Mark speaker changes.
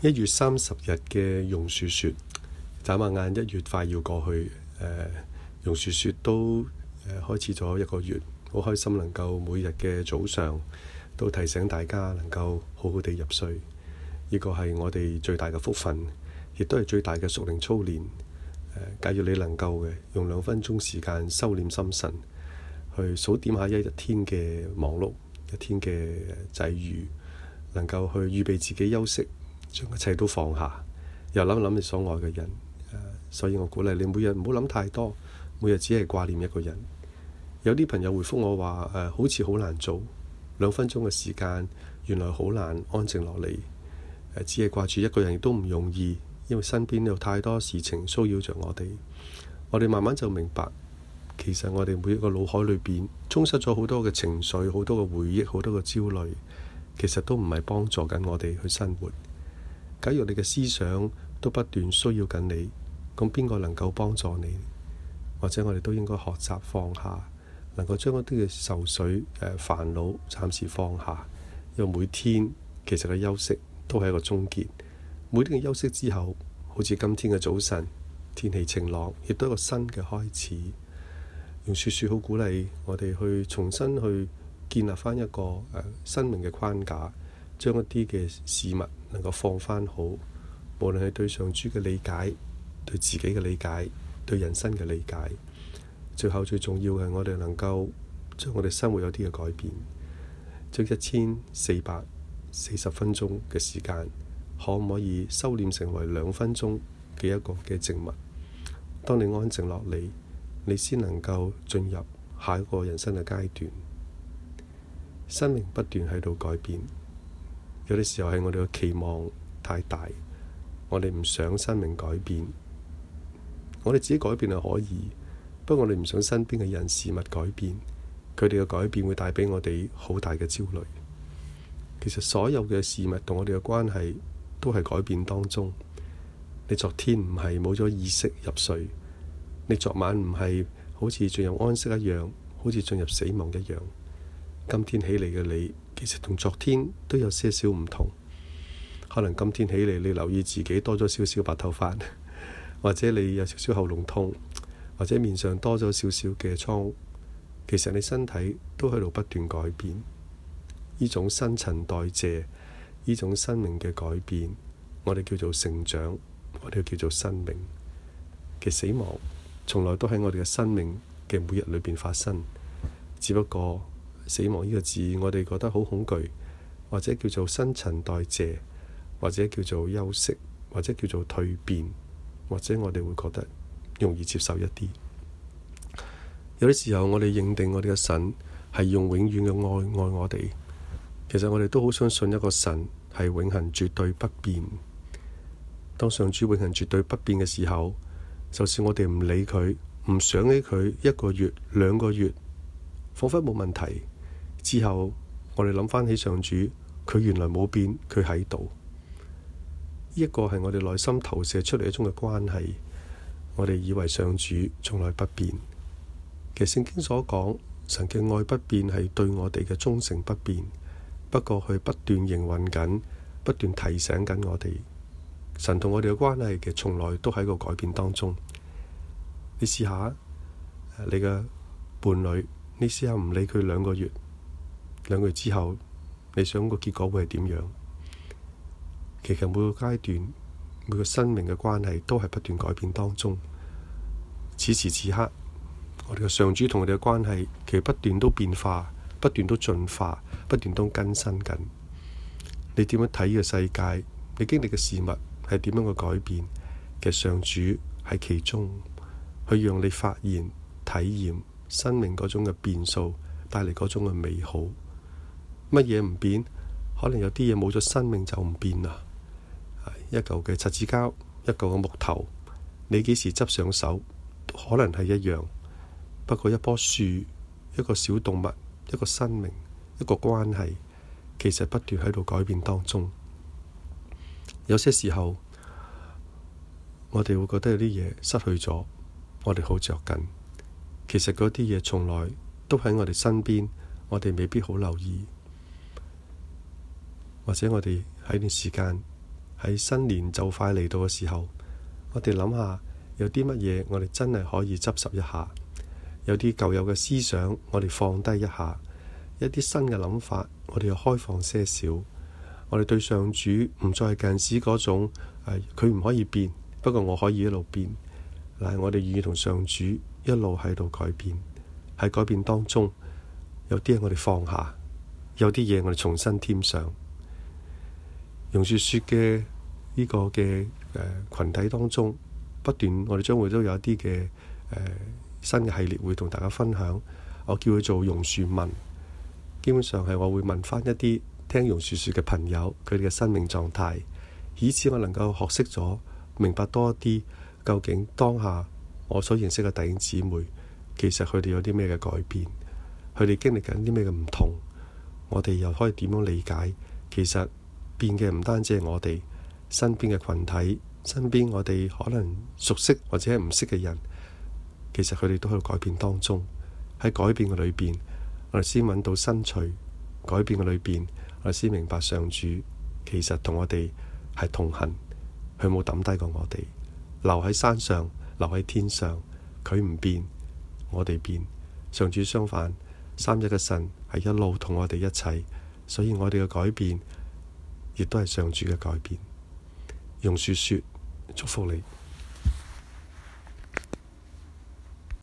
Speaker 1: 一月三十日嘅榕樹雪，眨下眼，一月快要過去。誒、呃，榕樹雪都誒、呃、開始咗一個月，好開心能夠每日嘅早上都提醒大家能夠好好地入睡。呢、這個係我哋最大嘅福分，亦都係最大嘅屬靈操練。誒、呃，假如你能夠嘅用兩分鐘時間收斂心神，去數點一下一天嘅忙碌，一天嘅際遇，能夠去預備自己休息。將一切都放下，又諗諗你所愛嘅人。所以我鼓勵你，每日唔好諗太多，每日只係掛念一個人。有啲朋友回復我話誒、呃，好似好難做，兩分鐘嘅時間，原來好難安靜落嚟，呃。只係掛住一個人亦都唔容易，因為身邊有太多事情騷擾着我哋。我哋慢慢就明白，其實我哋每一個腦海裏邊充塞咗好多嘅情緒、好多嘅回憶、好多嘅焦慮，其實都唔係幫助緊我哋去生活。假如你嘅思想都不斷需要緊你，咁邊個能夠幫助你？或者我哋都應該學習放下，能夠將一啲嘅愁緒、誒煩惱暫時放下。因為每天其實嘅休息都係一個終結，每天嘅休息之後，好似今天嘅早晨，天氣晴朗，亦都一個新嘅開始。用雪雪好鼓勵我哋去重新去建立翻一個誒生命嘅框架。將一啲嘅事物能夠放翻好，無論係對上主嘅理解、對自己嘅理解、對人生嘅理解，最後最重要係我哋能夠將我哋生活有啲嘅改變。將一千四百四十分鐘嘅時間，可唔可以收斂成為兩分鐘嘅一個嘅靜物？當你安靜落嚟，你先能夠進入下一個人生嘅階段。心靈不斷喺度改變。有啲時候係我哋嘅期望太大，我哋唔想生命改變，我哋自己改變就可以，不過我哋唔想身邊嘅人事物改變，佢哋嘅改變會帶畀我哋好大嘅焦慮。其實所有嘅事物同我哋嘅關係都係改變當中。你昨天唔係冇咗意識入睡，你昨晚唔係好似進入安息一樣，好似進入死亡一樣，今天起嚟嘅你。其實同昨天都有些少唔同，可能今天起嚟你留意自己多咗少少白頭髮，或者你有少少喉嚨痛，或者面上多咗少少嘅瘡。其實你身體都喺度不斷改變，呢種新陳代謝，呢種生命嘅改變，我哋叫做成長，我哋叫做生命嘅死亡，從來都喺我哋嘅生命嘅每日裏邊發生，只不過。死亡呢個字，我哋覺得好恐懼，或者叫做新陳代謝，或者叫做休息，或者叫做蛻變，或者我哋會覺得容易接受一啲。有啲時候，我哋認定我哋嘅神係用永遠嘅愛愛我哋。其實我哋都好相信一個神係永恆絕對不變。當上主永恆絕對不變嘅時候，就算我哋唔理佢，唔想起佢一個月兩個月，彷彿冇問題。之後我哋諗翻起上主，佢原來冇變，佢喺度。呢一個係我哋內心投射出嚟一種嘅關係。我哋以為上主從來不變，其實聖經所講神嘅愛不變，係對我哋嘅忠誠不變。不過佢不斷營運緊，不斷提醒緊我哋，神同我哋嘅關係嘅從來都喺個改變當中。你試下你嘅伴侶，你試下唔理佢兩個月。兩個月之後，你想個結果會係點樣？其實每個階段、每個生命嘅關係都係不斷改變當中。此時此刻，我哋嘅上主同我哋嘅關係，其實不斷都變化，不斷都進化，不斷都更新緊。你點樣睇呢個世界？你經歷嘅事物係點樣嘅改變嘅？其實上主喺其中去讓你發現體驗生命嗰種嘅變數，帶嚟嗰種嘅美好。乜嘢唔變？可能有啲嘢冇咗生命就唔變啦。一嚿嘅擦紙膠，一嚿嘅木頭，你幾時執上手，可能係一樣。不過一棵樹、一個小動物、一個生命、一個關係，其實不斷喺度改變當中。有些時候，我哋會覺得有啲嘢失去咗，我哋好着緊。其實嗰啲嘢從來都喺我哋身邊，我哋未必好留意。或者我哋喺段時間喺新年就快嚟到嘅時候，我哋諗下有啲乜嘢，我哋真係可以執拾一下。有啲舊有嘅思想，我哋放低一下；一啲新嘅諗法，我哋又開放些少。我哋對上主唔再係堅持嗰種啊，佢唔可以變，不過我可以一路變。嗱、啊，我哋願意同上主一路喺度改變，喺改變當中有啲嘢我哋放下，有啲嘢我哋重新添上。榕樹說嘅呢、這個嘅誒、呃、群體當中，不斷我哋將會都有一啲嘅誒新嘅系列會同大家分享。我叫佢做榕樹問，基本上係我會問翻一啲聽榕樹說嘅朋友，佢哋嘅生命狀態，以此我能夠學識咗明白多一啲究竟當下我所認識嘅弟兄姊妹，其實佢哋有啲咩嘅改變，佢哋經歷緊啲咩嘅唔同，我哋又可以點樣理解？其實。變嘅唔單止係我哋身邊嘅群體，身邊我哋可能熟悉或者唔識嘅人，其實佢哋都喺度改變當中。喺改變嘅裏邊，我哋先揾到新趣；改變嘅裏邊，我哋先明白上主其實同我哋係同行，佢冇抌低過我哋。留喺山上，留喺天上，佢唔變，我哋變。上主相反，三一嘅神係一路同我哋一齊，所以我哋嘅改變。亦都係上主嘅改變，用說說祝福你。